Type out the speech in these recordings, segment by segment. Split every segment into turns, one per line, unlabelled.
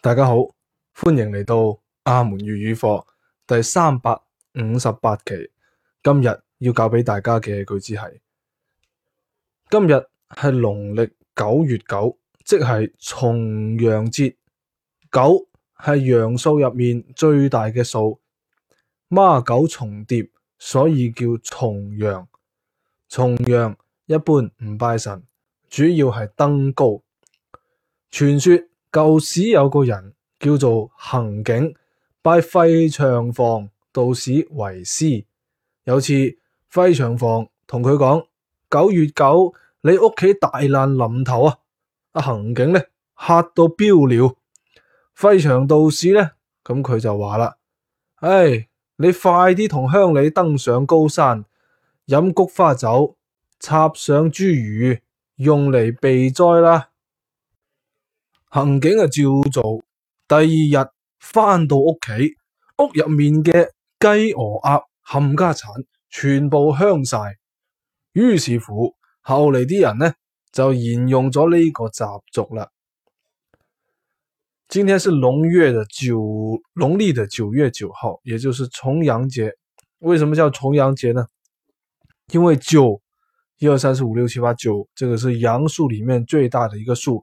大家好，歡迎嚟到阿門粵語課第三百五十八期。今日要教俾大家嘅句子係：今日係農曆九月九，即係重陽節。九係陽數入面最大嘅數，孖九重疊，所以叫重陽。重陽一般唔拜神，主要係登高。傳說。舊時有個人叫做恆景，拜費長房道士為師。有次費長房同佢講九月九，你屋企大難臨頭啊！阿恆景呢吓到飆了。「費長房道士呢咁佢就話啦：唉、hey，你快啲同鄉里登上高山，飲菊花酒，插上茱萸，用嚟避災啦。恒景啊，照做。第二日翻到屋企，屋入面嘅雞、鵝、鴨冚家產，全部香晒。於是乎，後嚟啲人呢就沿用咗呢個習俗啦。今天是農月的九，農曆的九月九號，也就是重陽節。為什麼叫重陽節呢？因為九，一二三四五六七八九，這個是陽數裏面最大的一個數。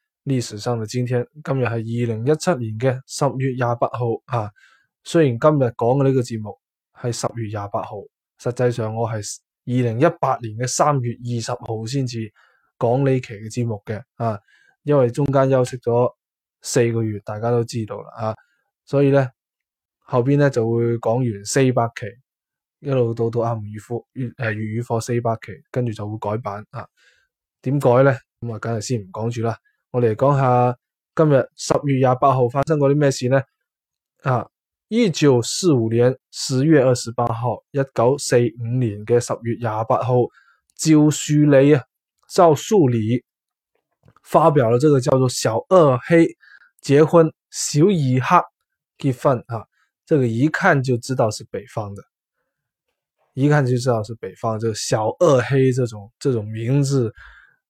呢時三度監聽，今日，今日係二零一七年嘅十月廿八號啊。雖然今日講嘅呢個節目係十月廿八號，實際上我係二零一八年嘅三月二十號先至講呢期嘅節目嘅。啊，因為中間休息咗四個月，大家都知道啦啊，所以咧後邊咧就會講完四百期，一路到到阿吳語課粵誒粵語課四百期，跟住就會改版啊。點改咧咁啊？梗係先唔講住啦。我哋講下今日十月廿八號發生過啲咩事呢？啊，一九四五年十月二十八號，一九四五年嘅十月廿八號，趙樹理啊，趙樹理發表了這個叫做《小二黑結婚》小二黑結婚啊，這個一看就知道是北方的，一看就知道是北方，就、這個、小二黑這種這種名字。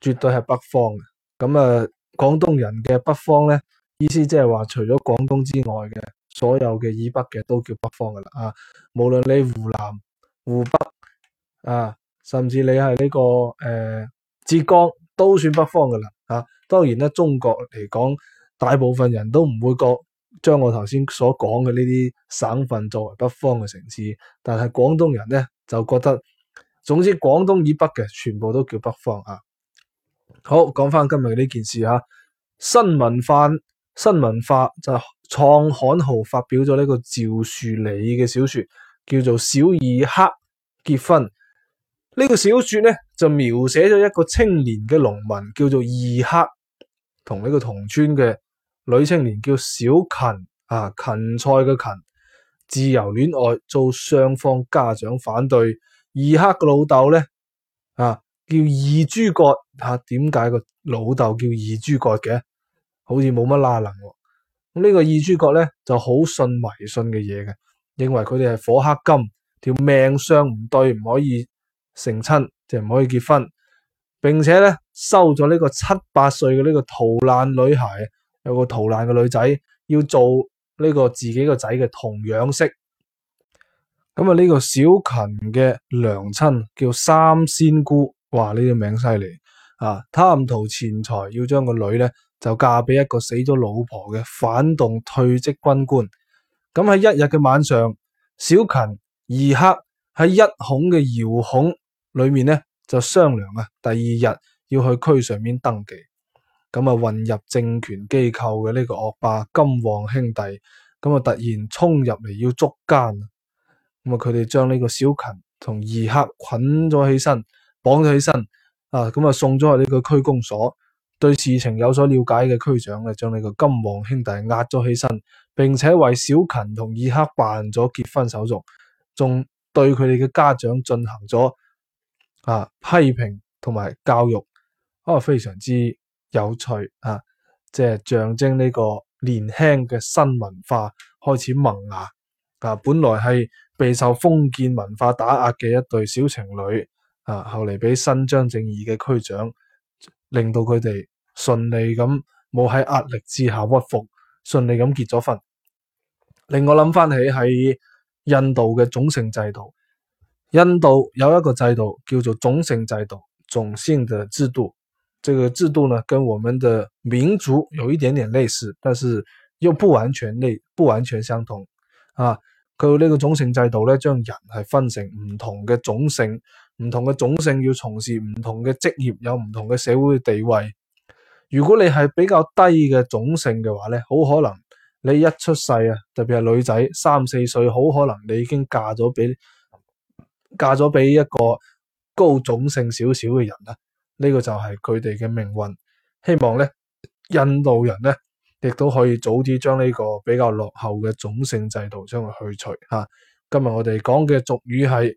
絕對係北方嘅，咁啊！廣東人嘅北方呢，意思即係話，除咗廣東之外嘅所有嘅以北嘅都叫北方噶啦啊！無論你湖南、湖北啊，甚至你係呢個誒浙江，都算北方噶啦啊！當然咧，中國嚟講，大部分人都唔會覺將我頭先所講嘅呢啲省份作為北方嘅城市，但係廣東人呢，就覺得，總之廣東以北嘅全部都叫北方啊！好講翻今日呢件事吓，新文化，新文化就創刊號發表咗呢個趙樹理嘅小說，叫做《小二黑結婚》這。呢個小說呢，就描寫咗一個青年嘅農民叫做二黑，同呢個同村嘅女青年叫小芹啊，芹菜嘅芹，自由戀愛，遭雙方家長反對，二黑嘅老豆呢。啊。叫二諸葛吓，點解個老豆叫二諸葛嘅？好似冇乜拉能、喔。咁、這、呢個二諸葛咧就好信迷信嘅嘢嘅，認為佢哋係火克金，條命相唔對，唔可以成親，就唔可以結婚，並且咧收咗呢個七八歲嘅呢個逃難女孩，有個逃難嘅女仔要做呢個自己個仔嘅童養媳。咁啊，呢個小芹嘅娘親叫三仙姑。哇，呢個名犀利啊！貪圖錢財要，要將個女呢就嫁俾一個死咗老婆嘅反動退職軍官。咁喺一日嘅晚上，小芹、二黑喺一孔嘅遙孔裏面呢就商量啊，第二日要去區上面登記。咁啊，混入政權機構嘅呢個惡霸金旺兄弟，咁啊突然衝入嚟要捉奸。咁啊，佢哋將呢個小芹同二黑捆咗起身。綁咗起身啊！咁啊，送咗去呢個區公所，對事情有所了解嘅區長咧，將呢個金黃兄弟壓咗起身，並且為小芹同二黑辦咗結婚手續，仲對佢哋嘅家長進行咗啊批評同埋教育。啊，非常之有趣啊！即係象徵呢個年輕嘅新文化開始萌芽啊。本來係備受封建文化打壓嘅一對小情侶。啊！後嚟俾伸張正義嘅區長，令到佢哋順利咁冇喺壓力之下屈服，順利咁結咗婚。令我諗翻起喺印度嘅種姓制度，印度有一個制度叫做種姓制度，種姓的制度。這個制度呢，跟我們的民族有一點點類似，但是又不完全類不完全相同。啊，佢呢個種姓制度呢，將人係分成唔同嘅種姓。唔同嘅種姓要從事唔同嘅職業，有唔同嘅社會嘅地位。如果你係比較低嘅種姓嘅話咧，好可能你一出世啊，特別係女仔，三四歲好可能你已經嫁咗俾嫁咗俾一個高種姓少少嘅人啦。呢、呢個就係佢哋嘅命運。希望咧，印度人咧亦都可以早啲將呢個比較落後嘅種姓制度將佢去除。吓，今日我哋講嘅俗語係。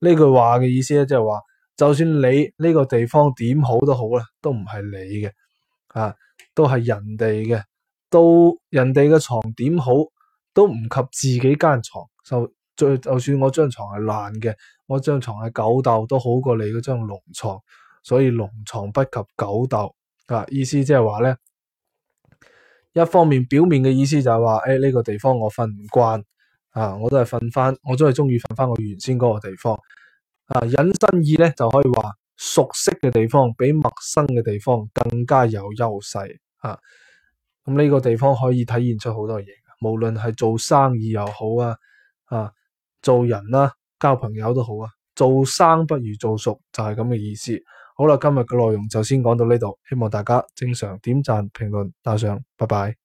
呢句話嘅意思咧，即係話，就算你呢個地方點好都好，都唔係你嘅，啊，都係人哋嘅。人哋嘅床點好，都唔及自己間床。就就算我張床係爛嘅，我張床係狗竇，都好過你嗰張龍床。所以龍床不及狗竇。啊，意思即係話咧，一方面表面嘅意思就係話，誒，哎，呢個地方我瞓唔慣。啊！我都係瞓翻，我都係中意瞓翻我原先嗰個地方。啊，引申義咧就可以話，熟悉嘅地方比陌生嘅地方更加有優勢。啊，咁呢個地方可以體現出好多嘢，無論係做生意又好啊，啊，做人啦、啊、交朋友都好啊。做生不如做熟就係咁嘅意思。好啦，今日嘅內容就先講到呢度，希望大家正常點贊、評論、打賞。拜拜。